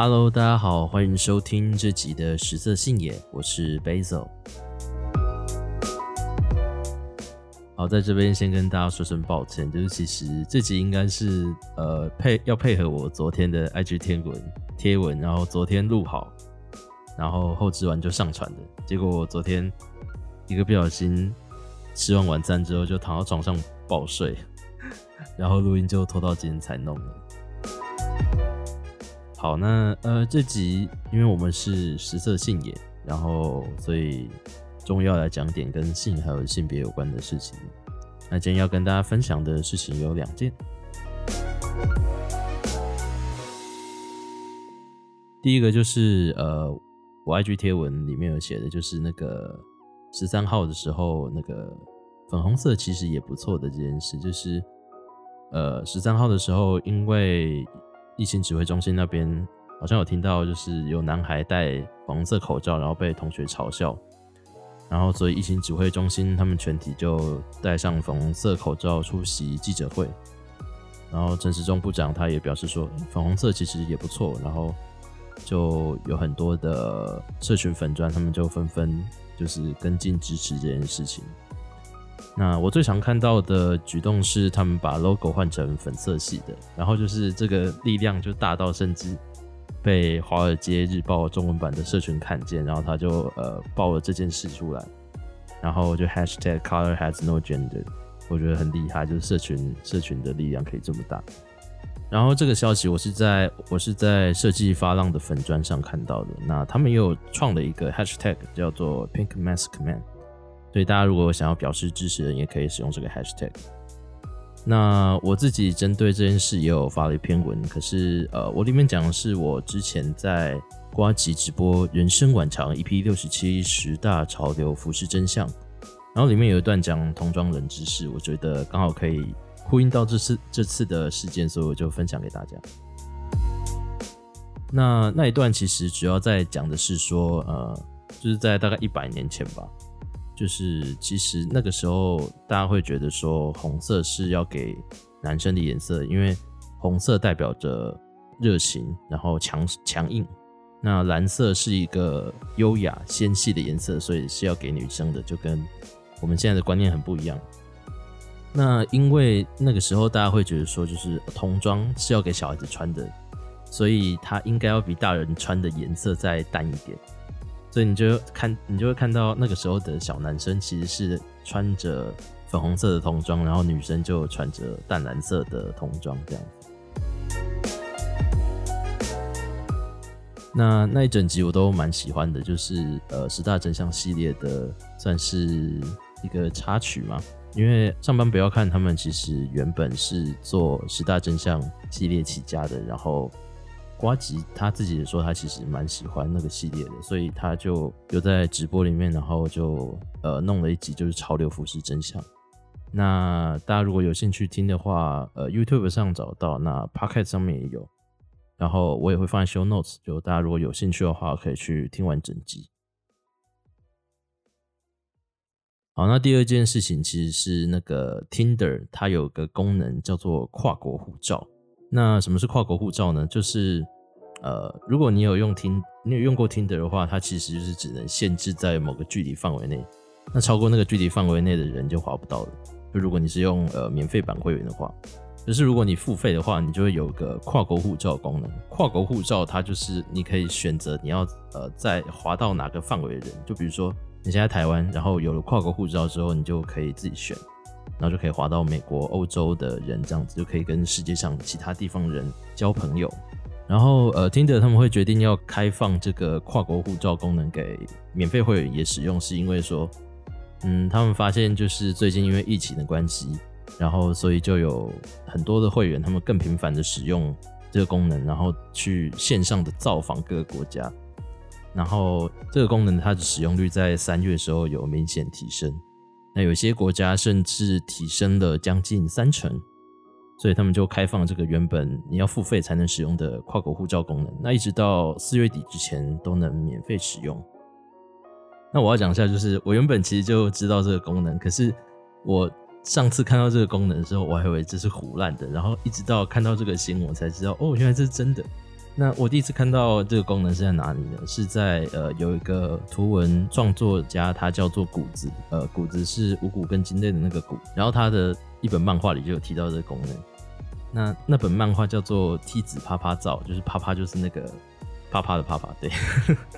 Hello，大家好，歡迎收聽這集的《食色性也》，我是 Basel。好，在這邊先跟大家說聲抱歉，就是其實這集應該是呃配要配合我昨天的 IG 貼文，貼文然後昨天錄好，然後後製完就上傳的。結果我昨天一個不小心吃完晚餐之後就躺到床上爆睡，然後錄音就拖到今天才弄了。好，那呃，這集因為我們是食色性也，然後所以終於要來講點跟性還有性別有關的事情。那今天要跟大家分享的事情有兩件，第一個就是呃，我 IG 貼文裡面有寫的就是那個十三號的時候，那個粉紅色其實也不錯的這件事，就是呃，十三號的時候因為。疫情指揮中心那邊好像有聽到，就是有男孩戴粉紅色口罩，然後被同學嘲笑，然後所以疫情指揮中心他們全體就戴上粉紅色口罩出席記者會，然後陳時中部長他也表示說粉紅色其實也不錯，然後就有很多的社群粉專，他們就紛紛就是跟進支持這件事情。那我最常看到的舉動是，他們把 logo 換成粉色系的，然後就是這個力量就大到甚至被《華爾街日報》中文版的社群看見，然後他就呃爆了這件事出來，然後就 hashtag color has no gender，我覺得很厲害，就是社群社群的力量可以這麼大。然後這個消息我是在我是在設計發浪的粉專上看到的，那他們又創了一個 hashtag 叫做 pink mask man。所以大家如果想要表示支持，也可以使用這個 hashtag。那我自己針對這件事也有發了一篇文，可是呃，我裡面講的是我之前在呱吉直播《人生晚長 EP67 十大潮流服飾真相》，然後裡面有一段講童裝冷知識，我覺得剛好可以呼應到這次這次的事件，所以我就分享給大家。那那一段其實主要在講的是說，呃，就是在大概一百年前吧。就是其實那個時候，大家會覺得說，紅色是要給男生的顏色，因為紅色代表着熱情，然後強強硬。那藍色是一個優雅纖細的顏色，所以是要給女生的，就跟我們現在的觀念很不一樣。那因為那個時候大家會覺得說，就是童裝是要給小孩子穿的，所以它應該要比大人穿的顏色再淡一點。所以你就看，你就會看到那個時候的小男生其實是穿着粉紅色的童裝，然後女生就穿着淡藍色的童裝這樣。那那一整集我都蠻喜歡的，就是呃十大真相系列的算是一個插曲嘛，因為上班不要看他們，其實原本是做十大真相系列起家的，然後。呱吉他自己也說，他其實蠻喜歡那個系列的，所以他就又在直播裡面，然後就呃弄了一集，就是《潮流服飾真相》。那大家如果有興趣聽的話，呃，YouTube 上找到，那 Pocket 上面也有，然後我也會放在 Show Notes，就大家如果有興趣的話，可以去聽完整集。好，那第二件事情其實是那個 Tinder，它有個功能叫做跨國護照。那什麼是跨國護照呢？就是，呃，如果你有用聽，你有用過 Tinder 的話，它其實就是只能限制在某個距離範圍內。那超過那個距離範圍內的人就滑不到了，就如果你是用呃免費版會員的話。可是如果你付費的話，你就會有個跨國護照功能。跨國護照它就是你可以選擇你要呃在滑到哪個範圍的人。就比如說你現在，在台灣，然後有了跨國護照之後，你就可以自己選。然後就可以滑到美國、歐洲的人，這樣子就可以跟世界上其他地方的人交朋友。然後呃，Tinder 他們會決定要開放這個跨國護照功能給免費會員也使用，是因為說，嗯，他們發現就是最近因為疫情的關係，然後所以就有很多的會員他們更頻繁的使用這個功能，然後去線上的造訪各個國家。然後這個功能它的使用率在三月的時候有明顯提升。那有些國家甚至提升了將近三成，所以他們就開放這個原本你要付費才能使用的跨國護照功能。那一直到四月底之前都能免費使用。那我要講一下，就是我原本其實就知道這個功能，可是我上次看到這個功能的時候，我還以為這是唬爛的，然後一直到看到這個新聞，我才知道哦，原來這是真的。那我第一次看到這個功能是在哪裡呢？是在呃有一個圖文創作家，他叫做穀子，呃，穀子是五穀跟金類的那個穀。然後他的一本漫畫裡就有提到這個功能。那那本漫畫叫做《梯子啪啪照》，就是啪啪就是那個啪啪的啪啪，對。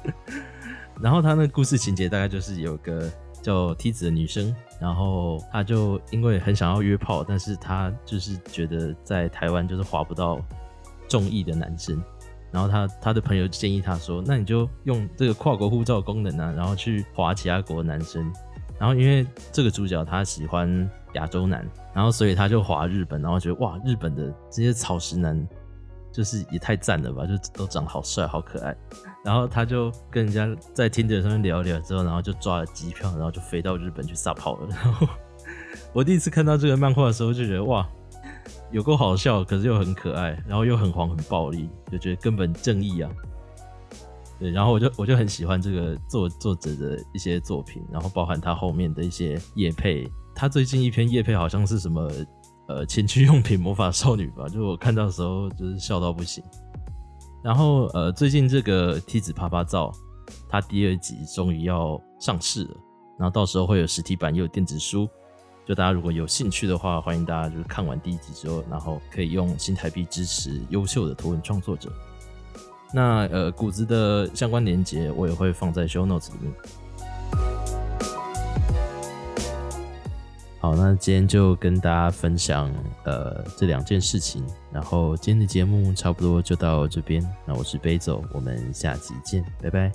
然後他那個故事情節大概就是有個叫梯子的女生，然後她就因為很想要約炮，但是她就是覺得在台灣就是滑不到中意的男生。然後他他的朋友建議他說：“那你就用這個跨國護照功能啊，然後去划其他國家男生。”然後因為這個主角他喜歡亞洲男，然後所以他就划日本，然後覺得哇，日本的這些草食男就是也太讚了吧，就都長得好帥好可愛。然後他就跟人家在 Tinder 上面聊一聊之後，然後就抓了機票，然後就飛到日本去撒泡了。然後 我第一次看到這個漫畫的時候就覺得哇。有夠好笑，可是又很可愛，然後又很黃很暴力，就覺得根本正義啊。對，然後我就我就很喜歡這個作作者的一些作品，然後包含他後面的一些業配。他最近一篇業配好像是什麼呃情趣用品魔法少女吧，就我看到的時候就是笑到不行。然後呃最近這個 T 子啪啪照，他第二集終於要上市了，然後到時候會有實體版也有電子書。就大家如果有興趣的話，歡迎大家就是看完第一集之後，然後可以用新台幣支持優秀的圖文創作者。那呃，谷子的相關連結我也會放在 show notes 裡面。好，那今天就跟大家分享呃這兩件事情，然後今天的節目差不多就到這邊。那我是北走，我們下集見，拜拜。